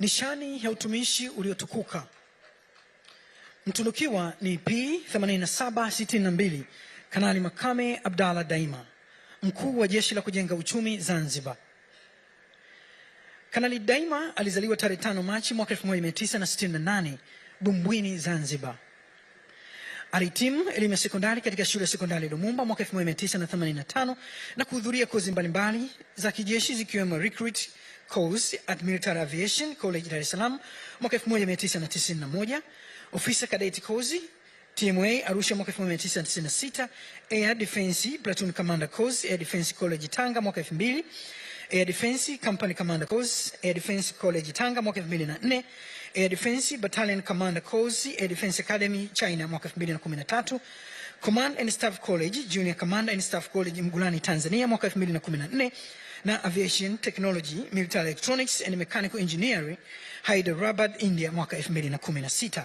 Nishani ya utumishi uliotukuka. Mtunukiwa ni P8762 Kanali Makame Abdalla Daima, mkuu wa jeshi la kujenga uchumi Zanzibar. Kanali Daima alizaliwa tarehe tano Machi mwaka 1968 Bumbwini, Zanzibar. Alihitimu elimu ya sekondari katika shule ya sekondari Lumumba mwaka 1985 na kuhudhuria kozi mbalimbali za kijeshi zikiwemo recruit Course at Military Aviation College Dar es Salaam mwaka 1991, Officer Cadet Course TMA Arusha mwaka 1996, Air Defense Platoon Commander Course Air Defense College Tanga mwaka 2000, Air Defense Company Commander Course Air Defense College Tanga mwaka 2004, Air Defense Battalion Commander Course Air Defense Academy China mwaka 2013. Command and Staff College, Junior Command and Staff College Mgulani, Tanzania mwaka 2014 na Aviation Technology, Military Electronics and Mechanical Engineering, Hyderabad, India mwaka 2016.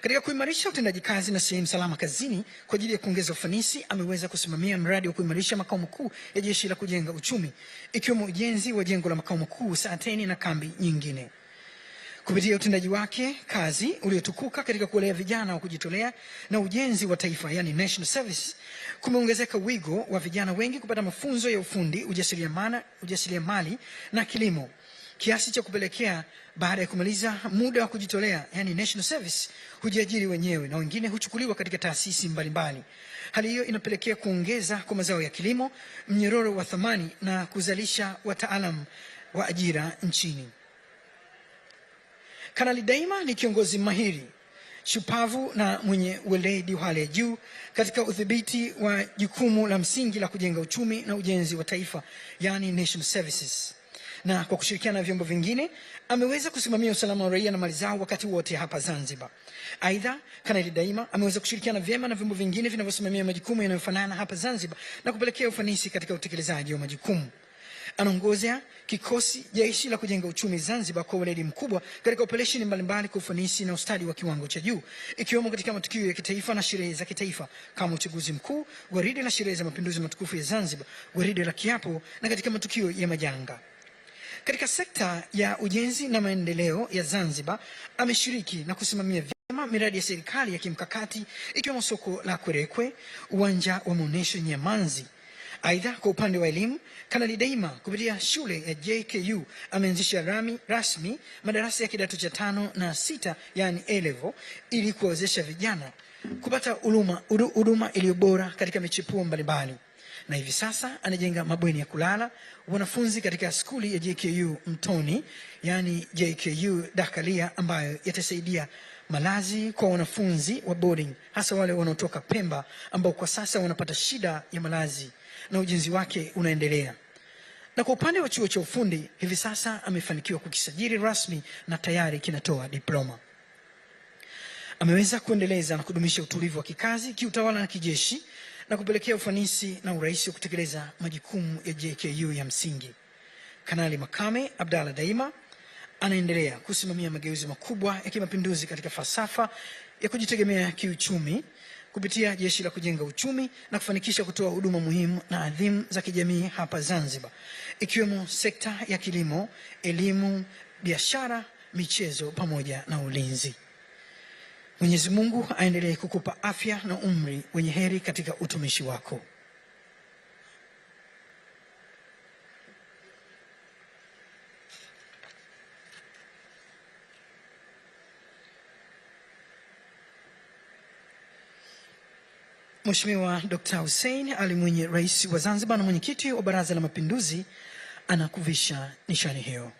Katika kuimarisha utendaji kazi na sehemu salama kazini kwa ajili ya kuongeza ufanisi, ameweza kusimamia mradi wa kuimarisha makao makuu ya jeshi la kujenga uchumi, ikiwemo ujenzi wa jengo la makao makuu Saateni na kambi nyingine kupitia utendaji wake kazi uliotukuka katika kuwalea vijana wa kujitolea na ujenzi wa taifa, yani national service, kumeongezeka wigo wa vijana wengi kupata mafunzo ya ufundi, ujasiriamali, mali na kilimo kiasi cha kupelekea baada ya kumaliza muda wa kujitolea yani national service, hujiajiri wenyewe na wengine huchukuliwa katika taasisi mbalimbali. Hali hiyo inapelekea kuongeza kwa mazao ya kilimo, mnyororo wa thamani na kuzalisha wataalam wa ajira nchini. Kanali Daima ni kiongozi mahiri, shupavu na mwenye weledi wa hali ya juu katika udhibiti wa jukumu la msingi la kujenga uchumi na ujenzi wa taifa, yani national services, na kwa kushirikiana na vyombo vingine ameweza kusimamia usalama wa raia na mali zao wakati wote hapa Zanzibar. Aidha, Kanali Daima ameweza kushirikiana vyema na vyombo vingine vinavyosimamia majukumu yanayofanana hapa Zanzibar na kupelekea ufanisi katika utekelezaji wa majukumu. Anaongoza kikosi jeshi la kujenga uchumi Zanzibar kwa weledi mkubwa katika operesheni mbalimbali kwa ufanisi na ustadi wa kiwango cha juu ikiwemo katika matukio ya kitaifa na sherehe za kitaifa kama uchaguzi mkuu, gwaride la sherehe za mapinduzi matukufu ya Zanzibar, gwaride la kiapo na katika matukio ya majanga. Katika sekta ya ujenzi na maendeleo ya Zanzibar ameshiriki na kusimamia miradi ya serikali ya kimkakati ikiwemo soko la Kwerekwe, uwanja wa maonyesho Nyamanzi. Aidha, kwa upande wa elimu, Kanali Daima kupitia shule ya JKU ameanzisha rami rasmi madarasa ya kidato cha tano na sita, yani A level, ili kuwawezesha vijana kupata huduma huduma iliyo bora katika michepuo mbalimbali na hivi sasa anajenga mabweni ya kulala wanafunzi katika skuli ya JKU Mtoni, yani JKU Dakalia, ambayo yatasaidia malazi kwa wanafunzi wa boarding, hasa wale wanaotoka Pemba ambao kwa sasa wanapata shida ya malazi na ujenzi wake unaendelea. Na kwa upande wa chuo cha ufundi hivi sasa amefanikiwa kukisajili rasmi na tayari kinatoa diploma. Ameweza kuendeleza na kudumisha utulivu wa kikazi, kiutawala na kijeshi na kupelekea ufanisi na urahisi wa kutekeleza majukumu ya JKU ya msingi. Kanali Makame Abdalla daima anaendelea kusimamia mageuzi makubwa ya kimapinduzi katika falsafa ya kujitegemea kiuchumi kupitia Jeshi la Kujenga Uchumi na kufanikisha kutoa huduma muhimu na adhimu za kijamii hapa Zanzibar, ikiwemo sekta ya kilimo, elimu, biashara, michezo pamoja na ulinzi. Mwenyezi Mungu aendelee kukupa afya na umri wenye heri katika utumishi wako. Mheshimiwa Dkt. Hussein Ali Mwinyi, Rais wa Zanzibar na Mwenyekiti wa Baraza la Mapinduzi, anakuvisha nishani hiyo.